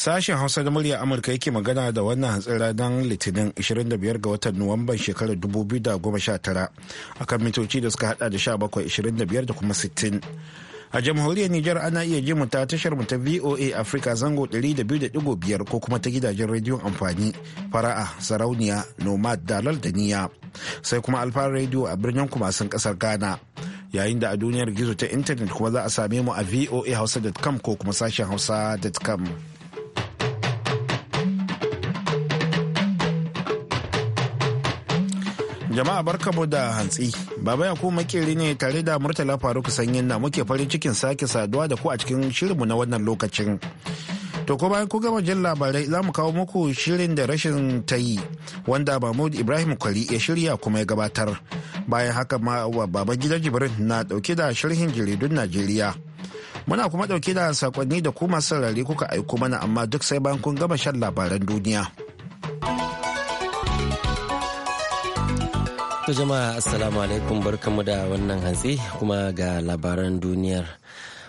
Sashen Hausa da murya Amurka yake magana da wannan hantsin ranar Litinin 25 ga watan Nuwamban shekarar 2019 kan mitoci da suka hada da 17, 25 da kuma 60. a jamhuriyar Nijar ana iya jin ta tashar mu ta VOA Africa zango 200.5 ko kuma ta gidajen rediyon amfani fara'a sarauniya nomad dalar da niya sai kuma alfa rediyo a birnin kumasin kasar Ghana yayin da a duniyar gizo ta intanet kuma za a same mu a voa hausa.com ko kuma sashen hausa.com Jama'a barkamu da hantsi. Baba ya kuma makeri ne tare da Murtala Faruk Sanyin na muke farin cikin sake saduwa da ku a cikin shirinmu na wannan lokacin. To ko bayan ku gama jin labarai za mu kawo muku shirin da rashin ta yi wanda Mahmud Ibrahim Kwari ya shirya kuma ya gabatar. Bayan haka ma baban gidan Jibrin na dauke da shirhin jaridun Najeriya. Muna kuma dauke da sakonni da ku masu kuka aiko mana amma duk sai bayan kun gama shan labaran duniya. To jama'a assalamu alaikum barkamu da wannan hantsi kuma ga labaran duniyar.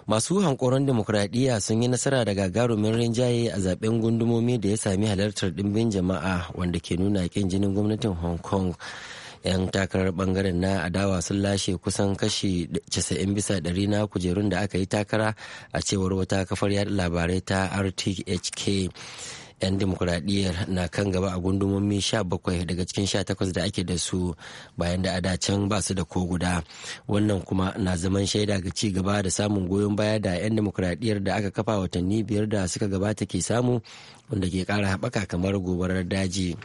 Masu hankoron demokuraɗiyya sun yi nasara da gagarumin rinjaye a zaben gundumomi da ya sami halartar ɗimbin jama'a wanda ke nuna ƙin jinin gwamnatin Hong Kong. 'Yan takarar bangaren na adawa sun lashe kusan kashi 90 bisa ɗari na kujerun da aka yi takara a cewar wata kafar yada labarai ta RTHK. 'yan demokuraɗiyyar na kan gaba a gundumomi 17 daga cikin 18 da ake da su bayan da a can ba su da ko guda wannan kuma na zaman shaida ga ci gaba da samun goyon baya da 'yan demokuraɗiyyar da aka kafa watanni biyar da suka gabata ke samu wanda ke kara haɓaka kamar gobarar daji.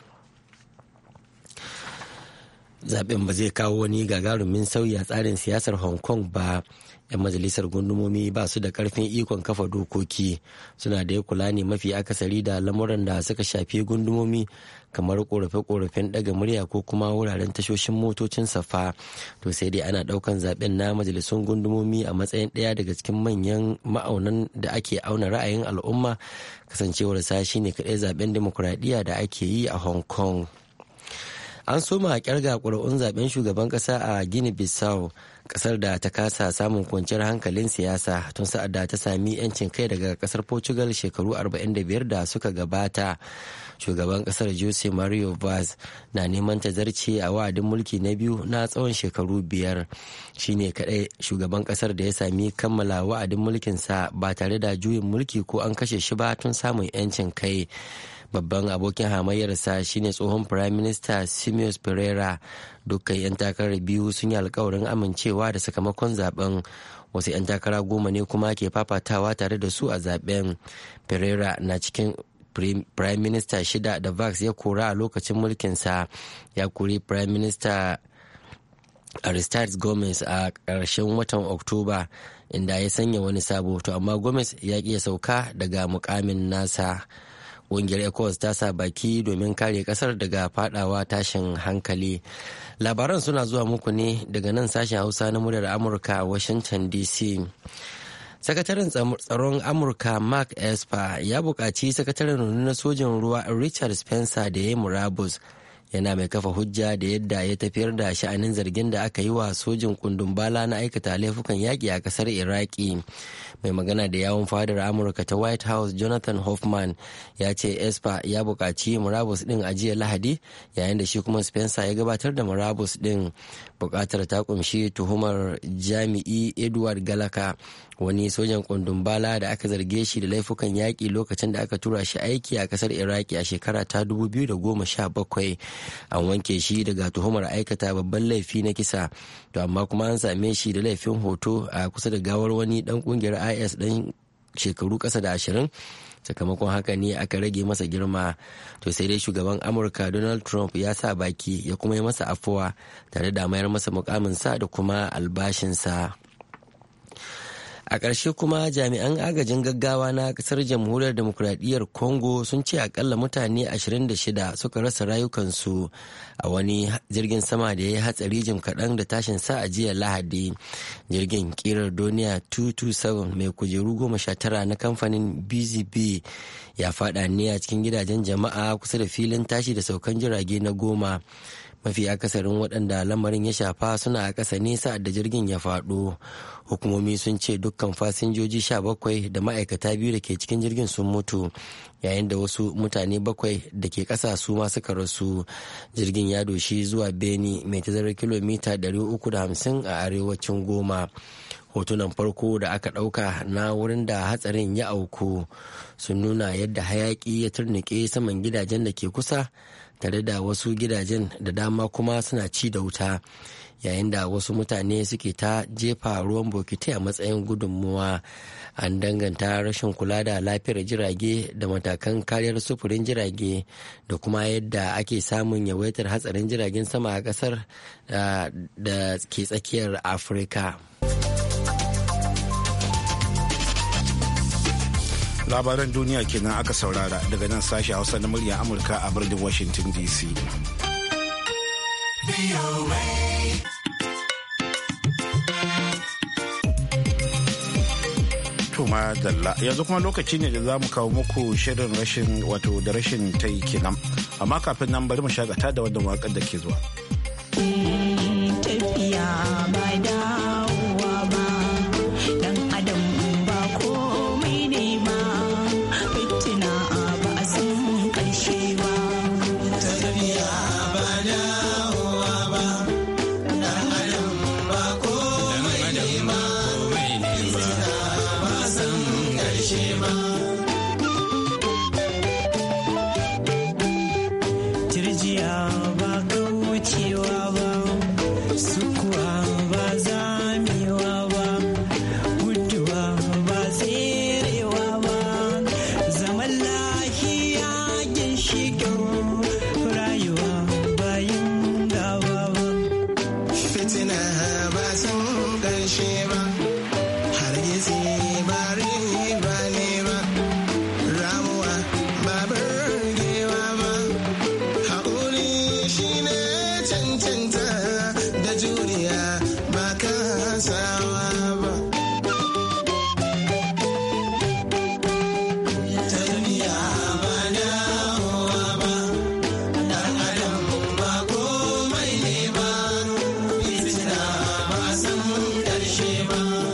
zaben ba zai kawo wani gagarumin sauyi a tsarin siyasar hong kong ba yan majalisar gundumomi ba su da karfin ikon kafa dokoki suna da kula ne mafi akasari da lamuran da suka shafi gundumomi kamar korafe-korafen daga murya ko kuma wuraren tashoshin motocin safa to sai dai ana daukan zaben na majalisun gundumomi a matsayin daya daga cikin manyan ma'aunan da ake auna ra'ayin al'umma kasancewar sashi ne kaɗai zaben dimokuraɗiyya da ake yi a hong kong an soma a kyarga ƙuri'un zaben shugaban ƙasa a gini bissau ƙasar da ta kasa samun kwanciyar hankalin siyasa tun sa'ad da ta sami 'yancin kai daga ƙasar portugal shekaru 45 da suka gabata shugaban ƙasar jose mario vaz na neman ta zarce a wa'adin mulki na biyu na tsawon shekaru biyar shine kaɗai shugaban ƙasar da ya sami kammala wa'adin mulkinsa ba tare da juyin mulki ko an kashe shi ba tun samun 'yancin kai babban abokin hamayyarsa shine tsohon firaminista simios pereira dukkan 'yan takarar biyu sun yi alkawarin amincewa da sakamakon zaben wasu 'yan takara goma ne kuma ke fafatawa tare da su a zaben pereira na cikin prime minister shida da vax ya kora a lokacin mulkinsa ya kori prime minister aristides gomez a karshen watan oktoba inda ya sanya wani sabo to amma gomez ya ƙi sauka daga mukamin nasa ƙungiyar ecowas ta sa baki domin kare kasar daga fadawa tashin hankali labaran suna zuwa muku ne daga nan sashen hausa na muryar amurka washington dc sakataren tsaron amurka mark esper ya buƙaci sakataren rundunar sojin ruwa richard spencer da ya yi murabus yana mai kafa hujja da yadda ya tafiyar da sha'anin zargin da aka yi wa sojin kundin bala na aikata laifukan yaƙi a ƙasar iraki mai magana da yawon fadar amurka ta white house jonathan hoffman ya ce espa ya buƙaci murabus ɗin a jiya lahadi yayin da shi kuma spencer ya gabatar da murabus ɗin buƙatar ta ƙunshi tuhumar jami'i edward galaka wani sojan kundun bala da aka zarge shi da laifukan yaƙi lokacin da aka tura shi aiki a ƙasar iraki a shekara ta 2017 an wanke shi daga tuhumar aikata babban laifi na kisa to amma kuma an same shi da laifin hoto a kusa da gawar wani dan kungiyar is dan shekaru ƙasa da ashirin sakamakon haka ne aka rage masa girma to sai dai shugaban amurka donald trump ya sa baki ya kuma yi masa afuwa tare da mayar masa mukamin sa da kuma albashinsa a ƙarshe kuma jami'an agajin gaggawa na ƙasar jamhuriyar demokuraɗiyyar congo sun ce akalla mutane 26 suka rasa rayukansu a wani jirgin sama da ya yi hatsari jim kaɗan da tashin sa a jiya lahadi jirgin ƙirar duniya 227 mai kujeru 19 na kamfanin bzb ya faɗa ne a cikin gidajen jama'a kusa da filin tashi da saukan jirage na goma mafi akasarin waɗanda lamarin ya shafa suna a ƙasa nesa da jirgin ya faɗo hukumomi sun ce dukkan fasinjoji sha-bakwai da ma'aikata biyu da ke cikin jirgin sun mutu yayin da wasu mutane bakwai da ke ƙasa su ma suka rasu jirgin ya doshi zuwa beni mai tazarar kilomita 350 a arewacin goma hotunan farko da aka ɗauka na wurin da hatsarin ya auku sun nuna yadda hayaƙi ya turnike saman gidajen da ke kusa tare da wasu gidajen da dama kuma suna ci da wuta yayin da wasu mutane suke ta jefa ruwan bokiti a matsayin gudunmuwa an danganta rashin kula da lafiyar jirage da matakan kariyar sufurin jirage da kuma yadda ake samun yawaitar hatsarin jiragen sama a kasar eh, da ke tsakiyar afirka labaran duniya kenan aka saurara daga nan sashi hausa na murya amurka a birnin washington dc yanzu kuma lokaci ne da za mu kawo muku shirin rashin wato da rashin ta yi kinan amma kafin nan bari mu shagata da wannan wakar da ke zuwa. kushe love.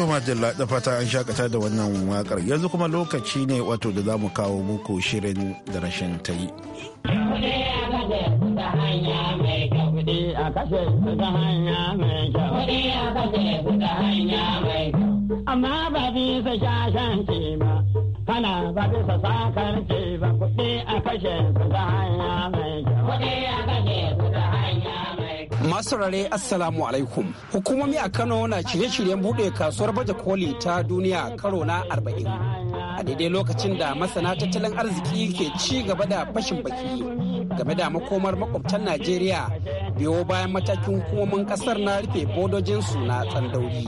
to da fata an shakata da wannan wakar yanzu kuma lokaci ne wato da za mu kawo muku shirin da rashin ta yi amma ba bisa shashan ce ba kana ba bisa sakar ce ba kuɗi a kashe su ta hanya mai kyau Masu Assalamu alaikum. Hukumomi a Kano na shirye-shiryen buɗe kasuwar baje koli ta duniya karo na arba'in. A daidai lokacin da masana tattalin arziki ke ci gaba da fashin baki game da makomar makwabtan Najeriya biyo bayan matakin hukumomin kasar na rufe bodojinsu na tsandauri.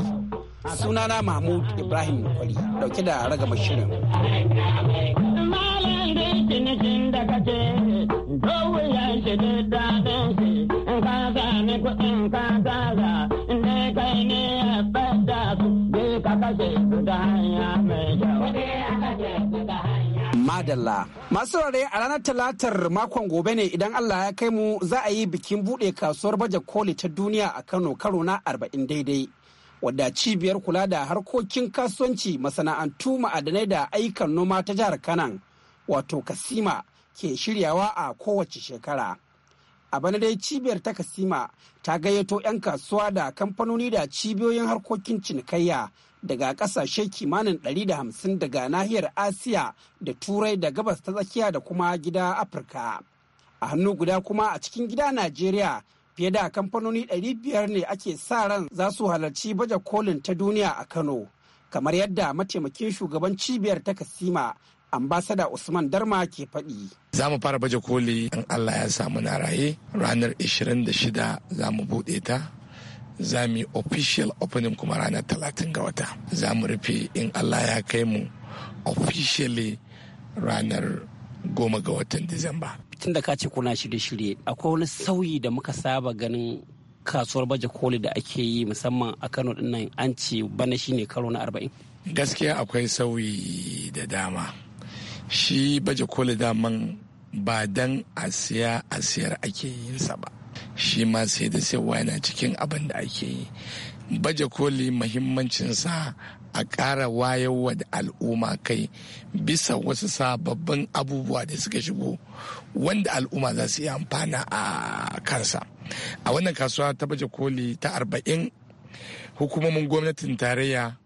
Sunana Mahmud Ibrahim Kwali dauke da ragama shirin. Malam da ni kuɗin ne kai ne ya fada su su da hanya mai kyau. Madalla. Masu rare a ranar talatar makon gobe ne idan Allah ya kai mu za a yi bikin buɗe kasuwar baje koli ta duniya a Kano karo na arba'in daidai. wadda cibiyar kula da harkokin kasuwanci masana'antu ma'adanai da ayyukan noma ta jihar kanan wato kasima ke shiryawa a kowace shekara a bana dai cibiyar ta kasima ta gayyato 'yan kasuwa da kamfanoni da cibiyoyin harkokin cinikayya daga kasashe kimanin 150 daga nahiyar asiya da turai da gabas ta tsakiya da kuma gida afirka a hannu guda kuma a cikin gida najeriya fiye da kamfanoni 500 ne ake sa ran za su halarci baje kolin ta duniya a kano kamar yadda mataimakin shugaban cibiyar ta kasima ambasada usman darma ke faɗi za mu fara baje koli in allah ya samu na raye ranar 26 za mu buɗe ta za mu yi official opening kuma ranar 30 ga wata za mu rufe in allah ya kai mu officially ranar goma ga watan disamba tun da ka ce kuna shirye-shirye akwai wani sauyi da muka saba ganin kasuwar baje koli da ake yi musamman a kano nan, an ce bana shine karo na arba'in gaskiya akwai sauyi da dama shi baje koli daman ba dan a siya a siyar ake yin sa ba shi ma sai da sayarwa yana cikin abin da ake yi baje koli muhimmancinsa a ƙara wayarwa da al'umma kai bisa wasu sababbin abubuwa da suka shigo wanda al'umma za su yi amfana a kansa a wannan kasuwa ta baje koli ta arba'in hukumomin gwamnatin tarayya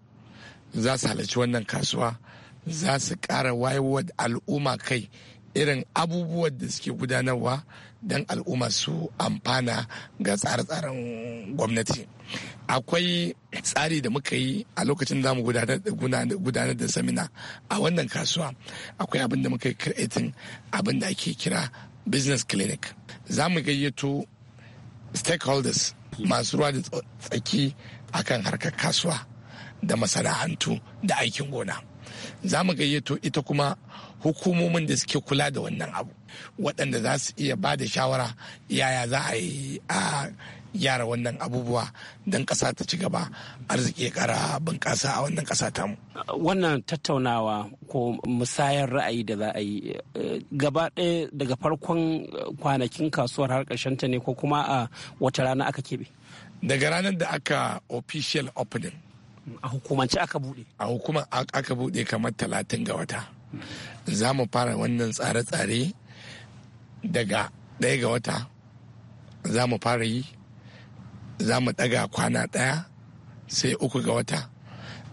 za su halarci wannan kasuwa za su ƙara wayewa al'umma kai irin abubuwan da suke gudanarwa don al'umma su amfana ga tsare-tsaren gwamnati akwai tsari da muka yi a lokacin da mu gudanar da samina a wannan kasuwa akwai abin da muka yi creating abin da ake kira business clinic za mu gayyato stakeholders masu ruwa da tsaki akan harkar kasuwa da masana'antu da aikin gona za mu gayyato ita kuma hukumomin da suke kula da wannan abu waɗanda za su iya ba da shawara yaya za a yi a gyara wannan abubuwa don ƙasa ta ci gaba arziki ya ƙara bunƙasa a wannan ƙasa tamu. wannan tattaunawa ko musayar ra'ayi da za a yi eh, gaba ɗaya daga farkon eh, kwanakin kasuwar har ta ne ko kuma a wata rana aka keɓe daga ranar da aka official opening a hukumance aka bude a hukuma aka bude kamar talatin ga wata za mu fara wannan tsare-tsare daga ɗaya ga wata za mu fara yi za mu ɗaga kwana ɗaya sai uku ga wata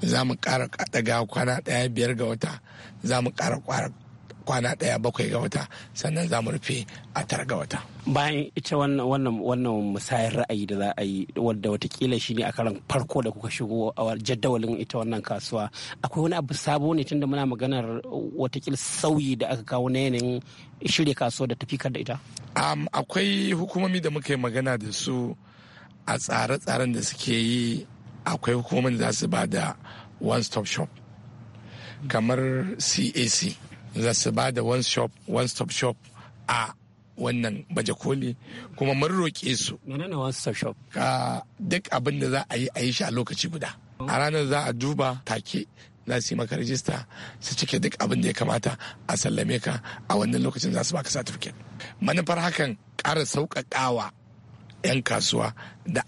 za mu ƙara ɗaga kwana ɗaya biyar ga wata za mu ƙara kwana ɗaya bakwai ga wata sannan za mu rufe a tara ga wata. bayan ita wannan wannan musayar ra'ayi da za a yi wadda watakila shi ne a karan farko da kuka shigo a jadawalin ita wannan kasuwa akwai wani abu sabo ne tunda muna maganar watakila sauyi da aka kawo na yanayin shirya kasuwa da tafikar da ita akwai hukumomi da muka yi magana da su a tsare-tsaren da suke yi akwai hukumomin da za su ba da one stop shop kamar cac za su ba da one shop one stop shop a wannan baje koli kuma mun roƙe su duk abin da za a yi a yi shi a lokaci guda a ranar za a duba take za su yi maka rajista su cike duk abin da ya kamata a sallame ka a wannan lokacin za su baka satifiket manufar hakan ƙara sauƙaƙawa 'yan kasuwa da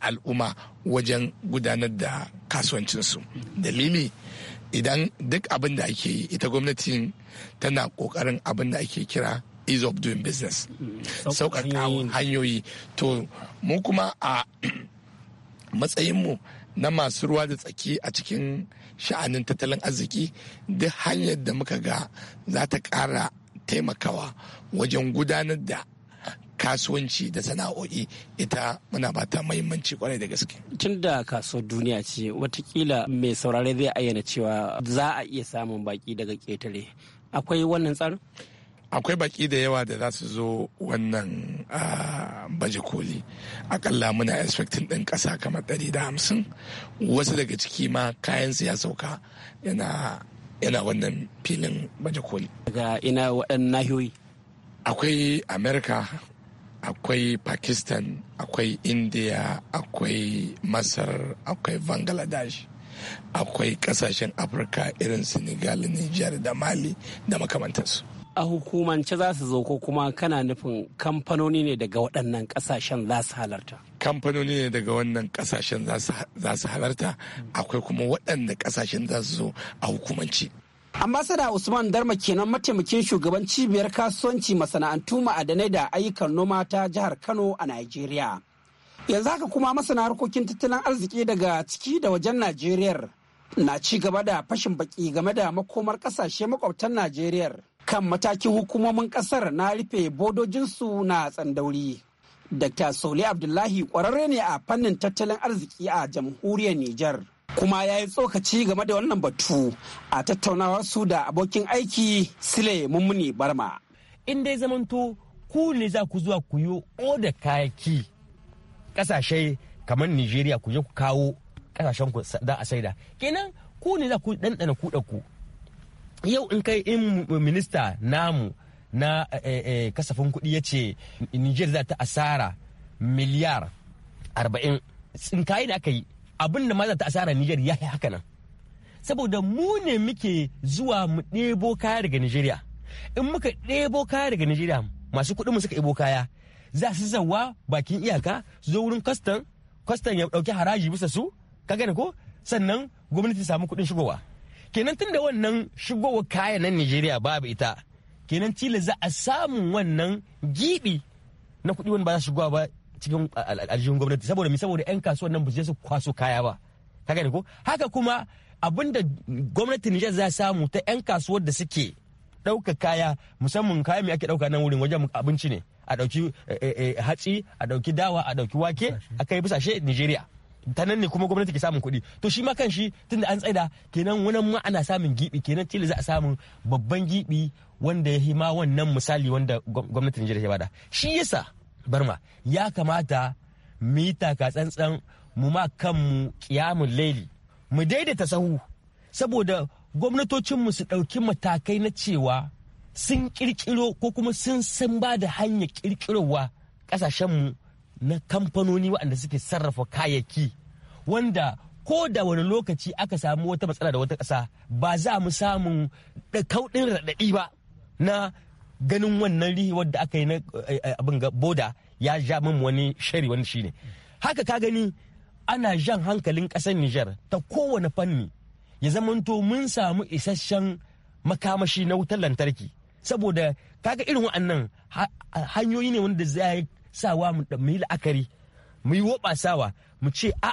al'umma wajen gudanar da kasuwancinsu dalili idan duk abin da ake yi ita gwamnati tana kokarin abin da ake kira ease of doing business mm, sauƙaƙa hanyoyi to mu kuma a matsayinmu na masu ruwa da tsaki a cikin sha'anin tattalin arziki duk hanyar da muka ga za ta ƙara taimakawa wajen gudanar da kasuwanci da sana'o'i ita muna ba ta mahimmanci kwarai da gaske. Tun da kasuwar duniya ce watakila mai saurare zai ayyana cewa za a iya samun baki daga ketare Akwai wannan tsarin? Akwai baki da yawa da za su zo wannan baje koli. Akalla muna expecting ɗin ƙasa kamar ɗari da hamsin. Wasu daga ciki ma kayan su ya sauka yana wannan filin baje koli. Daga ina waɗannan nahiyoyi? Akwai Amerika akwai pakistan akwai india akwai masar akwai bangladesh akwai kasashen afirka irin senegal niger da mali da makamantarsu a hukumance za su zo ko kuma kana nufin kamfanoni ne daga waɗannan ƙasashen za su halarta kamfanoni ne daga wannan ƙasashen za su halarta akwai kuma waɗanda ƙasashen za su zo a hukumance Ambasada Usman Darma kenan mataimakin shugaban cibiyar kasuwanci masana'antu ma'adanai da ayyukan noma ta jihar Kano a Najeriya. Yanzu haka kuma masana harkokin tattalin arziki daga ciki da wajen Najeriya na ci gaba da fashin baki game da makomar kasashe makwabtan Najeriya kan matakin hukumomin kasar na rufe bodojinsu na tsandauri. Dr. Soli Abdullahi ƙwararre ne a fannin tattalin arziki a jamhuriyar Nijar. kuma ya yi tsokaci game da wannan batu a tattaunawar su da abokin aiki sile mummuni barma in dai zamanto ku ne za ku zuwa ku yi oda kayaki kasashe kamar nigeria ku je ku kawo kasashen ku da a saida kenan ku ne za ku ɗanɗana ku ku yau in kai in minista namu na eh, eh, kasafin kuɗi ya ce nigeria za ta asara miliyar arba'in tsinkayi da aka yi abin da maza ta asara Niger ya yi haka nan saboda mu ne muke zuwa mu ɗebo kaya daga Nigeria in muka ɗebo kaya daga Nigeria masu kuɗi mu suka ɗebo kaya za su zawa bakin iyaka su zo wurin kwastan kwastan ya ɗauki haraji bisa su ka gane ko sannan gwamnati samu kuɗin shigowa kenan tunda wannan shigowar kaya nan Nigeria babu ita kenan tilo za a samun wannan giɓi na kuɗi wanda ba za shigowa ba cikin aljihun gwamnati saboda mi saboda yan kasuwan nan ba su kwaso kaya ba kaga ko haka kuma abinda da gwamnatin Nijar za samu ta yan kasuwar da suke ɗauka kaya musamman kaya mai ake ɗauka nan wurin wajen abinci ne a ɗauki eh, eh, eh, hatsi a ɗauki dawa a ɗauki wake a kai bisashe Nijeriya ta nan ne kuma gwamnati ke samun kuɗi to shi ma kanshi da an tsaida kenan wannan ma ana samun gibi kenan cile za a samu babban gibi wanda ya hima wannan misali wanda gwamnatin Nijeriya ya bada shi yasa barma ya kamata mu yi tsantsan mu ma kanmu kiyamun laili mu daidaita sahu saboda gwamnatocinmu su ɗauki matakai na cewa sun ƙirƙiro ko kuma sun san ba da hanyar kirkirowa ƙasashenmu na kamfanoni waɗanda suke sarrafa kayayyaki wanda ko da wani lokaci aka samu wata matsala da wata ƙasa ba za mu samun da kauɗin raɗaɗi ba na ganin wannan rihiwar da aka yi na eh, eh, abin ga boda ya ja min wani shari wani shine haka ka gani ana jan hankalin ƙasar Nijar ta kowane fanni ya zamanto mun samu isasshen makamashi na wutar lantarki saboda kaga irin wa'annan hanyoyi ne wanda za sawa mu yi la'akari mu yi sawa mu ce a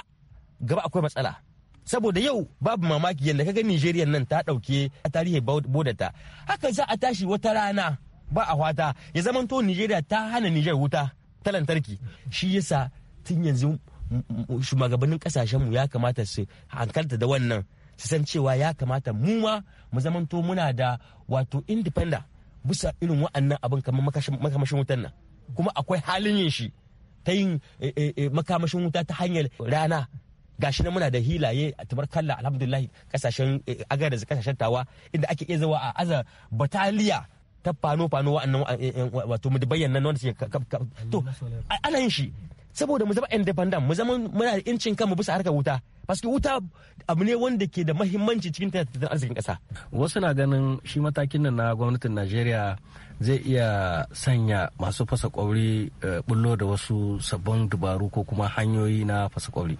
gaba akwai matsala saboda yau babu mamaki yadda kaga Nijeriya nan ta ɗauke a tarihi bodata haka za a tashi wata rana ba a fata ya zamanto Nigeria ta hana Niger wuta ta lantarki shi yasa tun yanzu shugabannin kasashen mu ya kamata su hankalta da wannan su san cewa ya kamata mu ma mu zamanto muna da wato independent bisa irin wa'annan abin kamar makamashin wutan nan kuma akwai halin yin shi ta yin e, e, e, makamashin wuta ta hanyar rana gashi na muna da hilaye a kalla alhamdulillah kasashen agar da kasashen tawa inda ake iya zawa a aza bataliya ta fano fano wa'annan eh, eh, eh, wato mu bayyana nan wanda suke to ana yin shi saboda mu zama independent mu zama muna da incin kanmu bisa harkar wuta paske wuta abu ne wanda ke da mahimmanci cikin tattalin arzikin kasa wasu na ganin shi matakin nan na gwamnatin najeriya zai iya sanya masu fasa kwauri bullo da wasu sabon dubaru ko kuma hanyoyi na fasa kwauri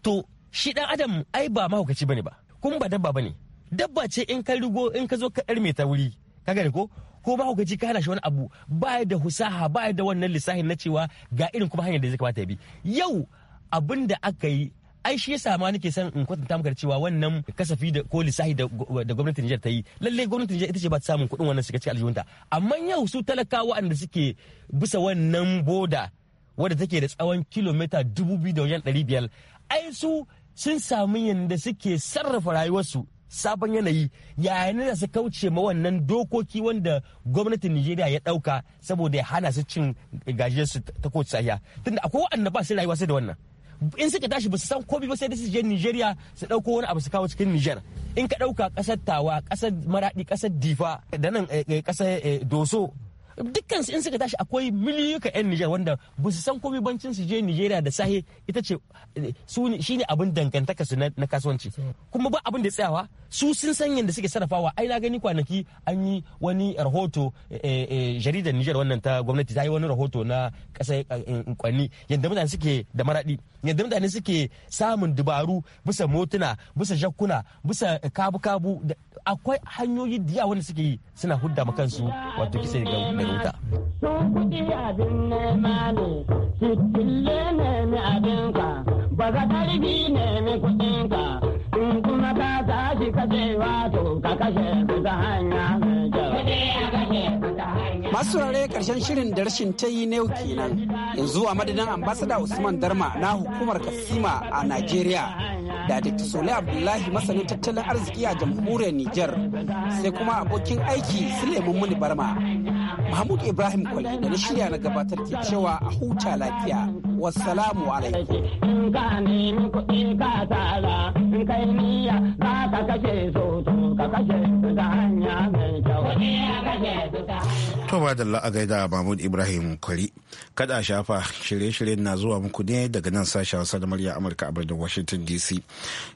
to shi dan adam ai ba mahaukaci bane ba kuma ba dabba bane dabba ce in ka rigo in ka zo ka ɗar ta wuri kaga ne ko ko ba ku gaji ka hana shi wani abu ba da husaha ba da wannan lissafin na cewa ga irin kuma hanyar da zai kamata ya bi yau abin da aka yi ai shi yasa ma nake son in kwatanta maka cewa wannan kasafi da ko lissafi da gwamnatin Nijar ta yi lalle gwamnatin Nijar ita ce ba ta samun kuɗin wannan shiga cikin aljihunta amma yau su talakawa wanda suke bisa wannan boda wadda take da tsawon kilomita dubu biyu da wajen ɗari biyar ai su sun samu yadda suke sarrafa rayuwarsu sabon yanayi yayin da su kauce ma wannan dokoki wanda gwamnatin Nijeriya ya dauka saboda ya hana su cin gajiyar su ta kowace sahiya tunda akwai waɗanda ba su rayuwa sai da wannan in suka tashi ba su san komai ba sai da su je Nijeriya su dauko wani abu su kawo cikin Niger in ka dauka kasar Tawa kasar Maradi kasar Difa da nan kasar eh, eh, eh, Doso dukkan su in suka tashi akwai miliyuka yan Nijar wanda ba su san komai bancin su je Nijeriya da sahi ita ce eh, su shine abin dangantaka su na kasuwanci kuma ba abin da tsayawa su sun san yadda suke sarrafawa ai na gani kwanaki an yi wani rahoto eh, eh, eh, jaridar Nijar wannan ta gwamnati ta yi wani rahoto na kasar kwanni yadda mutane suke da maradi yadda mutane suke samun dubaru bisa motuna bisa jakuna bisa kabu-kabu akwai hanyoyi da yawa wanda suke yi suna hudda ma kansu wato kisa ga wuta. Sun kuɗi abin nema ne, nemi abin ba za kuɗinka, ka tashi Masu rarre karshen shirin da rashin ta yi na yau kenan yanzu a madadin ambasada Usman Darma na hukumar Kasima a Najeriya da Dr. Sule Abdullahi masanin tattalin arziki a jamhuriyar Nijar sai kuma abokin aiki Suleiman Muni Barma. Mahmud Ibrahim Kwali da na shirya na gabatar ke cewa a huta lafiya. wassalamu alaikum kashe to ka kashe ba da la'agaida mahmud ibrahim kwari kada a shafa shirye-shiryen na zuwa muku ne daga nan sashen hausa da murya amurka a birnin washington dc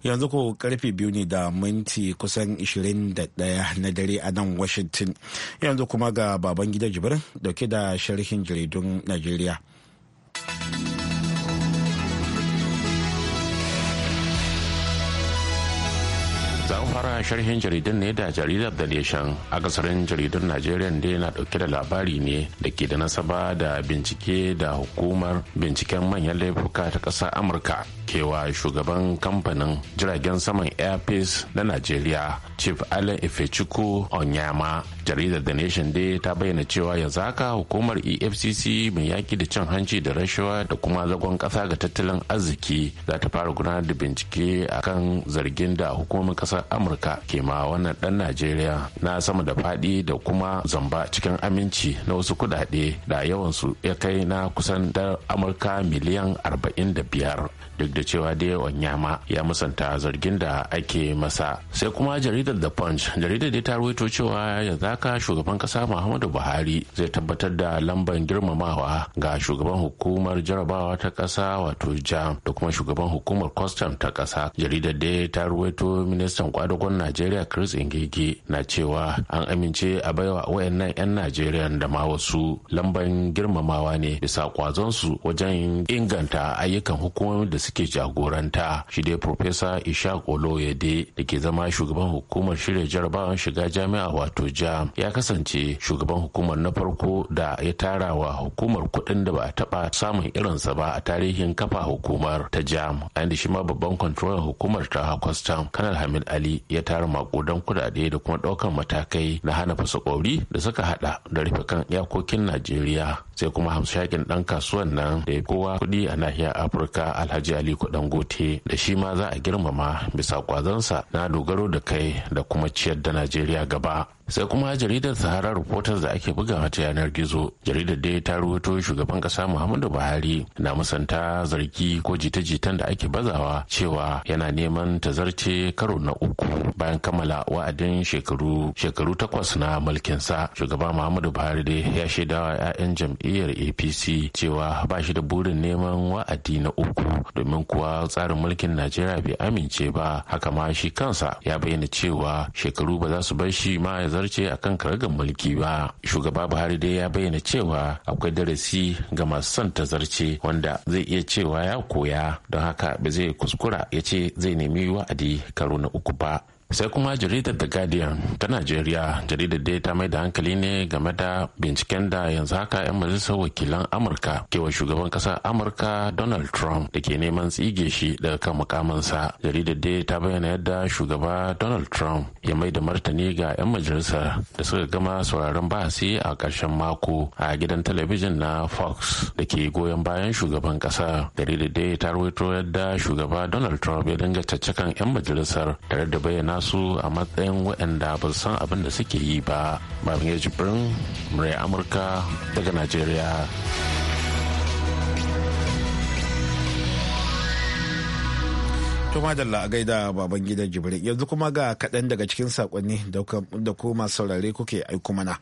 yanzu ko karfe biyu ne da minti kusan 21 na dare a nan washington yanzu kuma ga baban gida jibirin dauke da sharhin jaridun najeriya an fara sharhin jaridun ne da jaridar da leshen akasarin jaridun najeriya da yana dauke da labari ne da ke da nasaba da bincike da hukumar binciken manyan laifuka ta ƙasar amurka kewa shugaban kamfanin jiragen saman airpeace na najeriya chief allen ifechukwu onyama jaridar the nation dai ta bayyana cewa yanzu haka hukumar efcc mai yaki da cin hanci da rashawa da kuma zagon kasa ga tattalin arziki za ta fara gudanar da bincike akan zargin da hukumomin kasar amurka ke ma wannan dan najeriya na sama da fadi da kuma zamba cikin aminci na wasu kudade da yawan su ya kai na kusan da amurka miliyan 45 duk da cewa dai wanyama ya musanta zargin da ake masa sai kuma jaridar the punch jaridar dai ta ruwaito cewa yanzu haka shugaban kasa muhammadu buhari zai tabbatar da lamban girmamawa ga shugaban hukumar jarabawa ta kasa wato jam da kuma shugaban hukumar kwastam ta kasa jaridar da ta ruwaito ministan kwadagon najeriya chris ingege na cewa an amince a baiwa wayannan 'yan najeriya da ma wasu lamban girmamawa ne bisa kwazon su wajen inganta ayyukan hukumomin da suke jagoranta shi dai profesa ishaq oloyede da ke zama shugaban hukumar shirya jarabawan shiga jami'a wato jam ya kasance shugaban hukumar na farko da ya tara wa hukumar kuɗin da ba a taɓa samun irinsa ba a tarihin kafa hukumar ta jam a yadda shi ma babban kwantrolan hukumar ta kwastam kanar hamid ali ya tara makudan kuɗaɗe da kuma ɗaukar matakai na hana fasa da suka haɗa da rufe kan iyakokin najeriya sai kuma hamshakin ɗan kasuwan nan da ya kowa kuɗi a nahiyar afirka alhaji ali kuɗangote da shi ma za a girmama bisa kwazansa na dogaro da kai da kuma ciyar da najeriya gaba sai kuma jaridar sahara reporters da ake bugawa ta yanar gizo jaridar dai ta ruwato shugaban kasa muhammadu buhari na musanta zargi ko jita-jitan da ake bazawa cewa yana neman ta zarce karo na uku bayan kammala wa'adin shekaru shekaru takwas na mulkin sa. shugaba muhammadu buhari dai ya shaidawa 'ya'yan jam'iyyar apc cewa ba shi da burin neman wa'adi na uku domin kuwa tsarin mulkin najeriya bai amince ba haka ma shi kansa ya bayyana cewa shekaru ba za su bar shi ma ya ce a kan karagar mulki ba shugaba buhari dai ya bayyana cewa akwai darasi ga masu son tazarce wanda zai iya cewa ya koya don haka ba zai kuskura ya ce zai nemi wa'adi karo na uku ba sai kuma jaridar the guardian ta najeriya jaridar dai ta mai da hankali ne game da binciken da yanzu haka 'yan majalisar wakilan amurka kewa shugaban kasar amurka donald trump da ke neman tsige shi daga kan mukamansa jaridar dai ta bayyana yadda shugaba donald trump ya mai da martani ga 'yan majalisar da suka gama sauraron bahasi a ƙarshen mako a gidan talabijin na fox da ke goyon bayan shugaban kasa jaridar dai ta rawaito yadda shugaba donald trump ya dinga caccakan 'yan majalisar tare da bayyana su a matsayin waɗanda ba su san abin da suke yi ba babin ya jibirin murai amurka daga nigeria. Tuma da a gaida baban gidan Jibril yanzu kuma ga kaɗan daga cikin saƙonni da kuma saurare kuke aiko mana.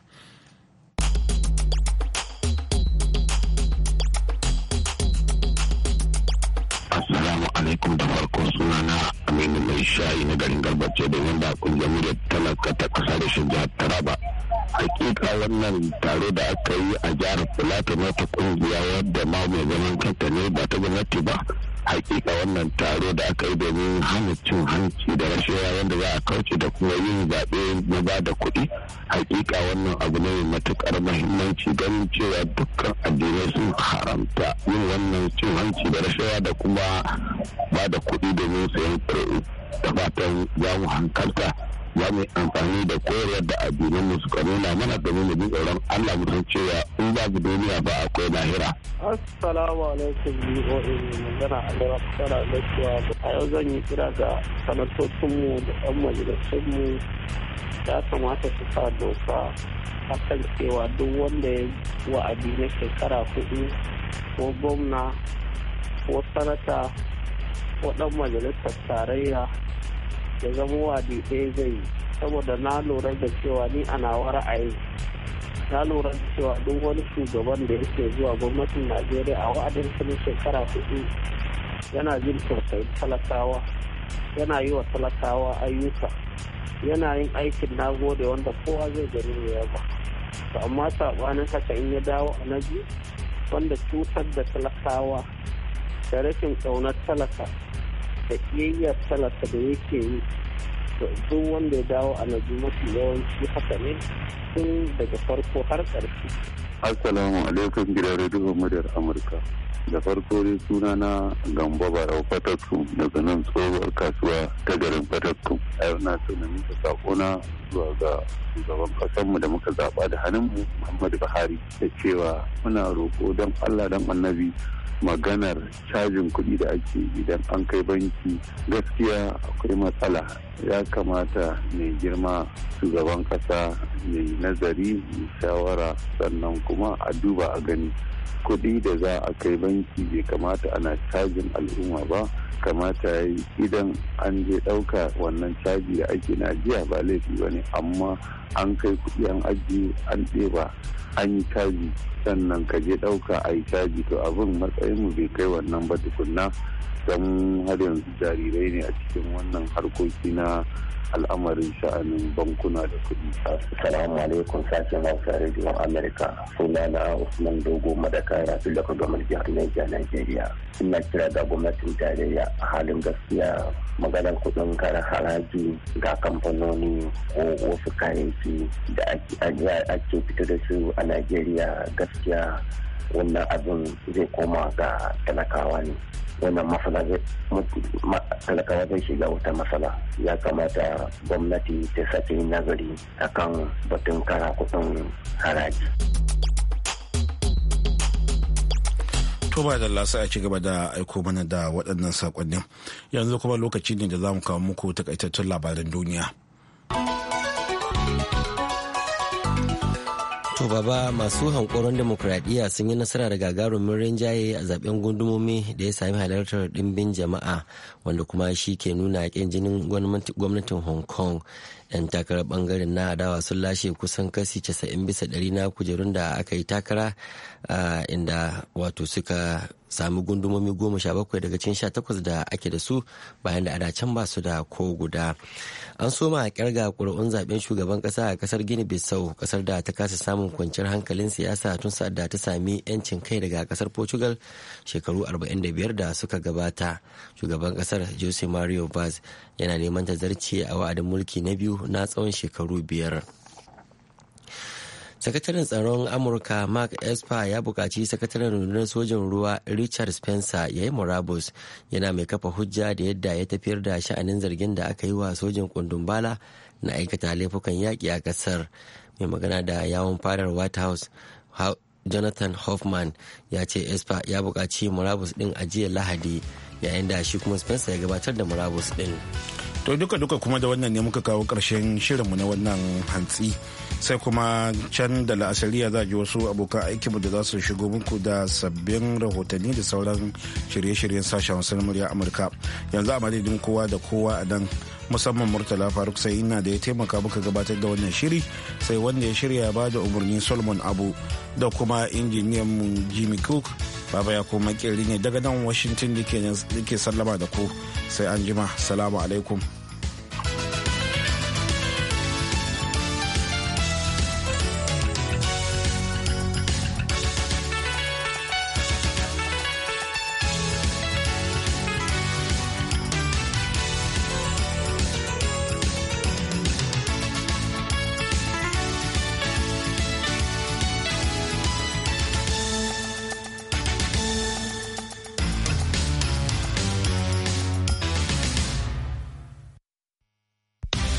shayi na garin garbace da yanda jamhuriyar talaka ta kasa da shi jihar taraba hakika wannan tare da aka yi a jihar plateau na ta kungiya wadda ma mai zaman kanta ne ba ta gwamnati ba hakika wannan taro da aka yi domin hana cin hanci da rashewa wanda za a kauce da kuma yin zaɓe na ba da kuɗi hakika wannan abu ne mai matuƙar mahimmanci ganin cewa dukkan addinai sun haramta yin wannan cin hanci da rashewa da kuma ba da kuɗi domin sayan ƙuri'u da fatan za mu hankalta za mu amfani da koyarwar da addinan mu suka nuna mana domin mu ji tsoron Allah mu san cewa in babu duniya ba akwai lahira. Assalamu alaikum BOA magana kana da cewa a yau zan yi kira ga mu da 'yan mu ya kamata su sa doka a kan cewa duk wanda ya wa addinai shekara kuɗi ko gwamna ko sanata ko ɗan majalisar tarayya ya zama wadi ɗaya zai saboda na lura da cewa ni a nawa ra'ayi na lura da cewa duk wani shugaban da yake zuwa gwamnatin najeriya a wa'adin na shekara hudu yana jin sosai talakawa yana yi wa talakawa ayyuka yana yin aikin nagode wanda kowa zai gani ya ba to amma saɓanin haka in ya dawo a naji wanda cutar da talakawa da rashin ƙaunar talaka da talata da yake yi duk wanda ya dawo a nazu mafi yawanci haka ne tun daga farko har ƙarshe. Assalamu alaikum gidan rediyon muryar Amurka. Da farko dai suna na Gambo Barau Fatakku daga nan tsohuwar kasuwa ta garin Fatakku. A yau na so na mika sakona zuwa ga shugaban kasanmu da muka zaba da hannunmu Muhammadu Buhari da cewa muna roƙo don Allah don annabi maganar cajin kuɗi da ake idan an kai banki gaskiya akwai matsala ya kamata mai girma shugaban ƙasa mai nazari nazari shawara sannan kuma a duba a gani kuɗi da za a kai banki bai kamata ana cajin al'umma ba kamata ya yi idan an je ɗauka wannan caji da ake na jiya ba laifi ba ne amma an kai kuɗi an ajiye an ɗeba an yi caji sannan ka je ɗauka a yi caji to abin matsayinmu bai kai wannan ba tukunna don har yanzu jarirai ne a cikin wannan harkoki na al'amarin sha'anin bankuna da kuɗi. Assalamu alaikum sashen Hausa Radio America. Suna na Usman Dogo Madaka ya fi daga gamar jihar Niger Nigeria. Ina kira ga gwamnatin tarayya a halin gaskiya maganar kuɗin kara haraji ga kamfanoni ko wasu kayayyaki da ake fito da su a Najeriya gaskiya wannan abin zai koma ga talakawa ne wannan matsala talakawa zai shiga wata matsala ya kamata gwamnati ta sake nazari kan batun kara kudin haraji. Toba da lasa a ci gaba da aiko mana da waɗannan saƙonnin yanzu kuma lokaci ne da za mu kawo muku takaitattun labaran duniya. To baba masu hankoron demokuraɗiyya sun yi nasara da gagarumin rinjaye a zaɓen gundumomi da ya sami halartar ɗimbin jama'a wanda kuma shi ke nuna ƙin jinin gwamnatin Hong Kong. 'Yan takarar ɓangaren na adawa sun lashe kusan kasi casa'in bisa ɗari na kujerun da aka yi takara inda wato suka sami gundumomi goma sha bakwai daga cikin sha takwas da ake da su bayan da ada can ba su da ko guda an soma a kirga kuri'un zaben shugaban kasa a ƙasar gini bissau kasar da ta kasa samun kwanciyar hankalin siyasa tun sa'ad da ta sami yancin kai daga kasar portugal shekaru 45 da suka gabata shugaban ƙasar jose mario vaz yana neman ta a wa'adin mulki na biyu na tsawon shekaru biyar. sakataren tsaron amurka mark esper ya buƙaci sakataren rundunar Sojan ruwa richard spencer ya yi murabus yana mai kafa hujja da yadda ya tafiyar da sha'anin zargin da aka yi wa sojin kundumbala na aikata laifukan yaƙi a ƙasar mai magana da yawon fadar white house jonathan hoffman ya ce esper ya buƙaci murabus ɗin a jiya lahadi yayin da shi kuma spencer ya gabatar da murabus ɗin to duka-duka kuma da wannan ne muka kawo ƙarshen shirinmu na wannan hantsi. sai kuma can da la'asariya za ji wasu abokan aikinmu da za su shigo muku da sabbin rahotanni da sauran shirye-shiryen sashen wasu murya amurka yanzu a madadin kowa da kowa a nan musamman murtala faruk sai ina da ya taimaka muka gabatar da wannan shiri sai wanda ya shirya ba da umarni solomon abu da kuma injiniyan mu jimmy cook baba ya kuma ne daga nan washington da ke sallama da ku sai an jima salamu alaikum